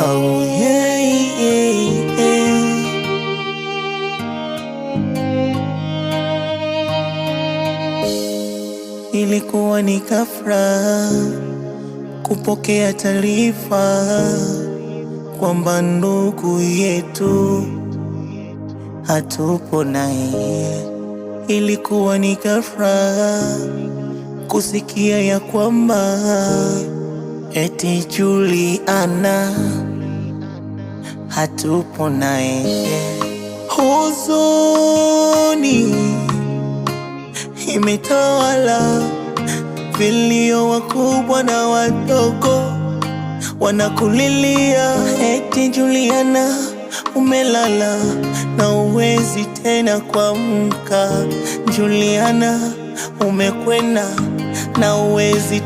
Oh eh, yeah, yeah, yeah. Ilikuwa ni kafra kupokea taarifa kwamba ndugu yetu hatupo naye. Ilikuwa ni kafra kusikia ya kwamba eti Juliana hatupo naye. Huzuni imetawala, vilio wakubwa na wadogo wanakulilia, eti Juliana umelala na uwezi tena kuamka. Juliana umekwenda na uwezi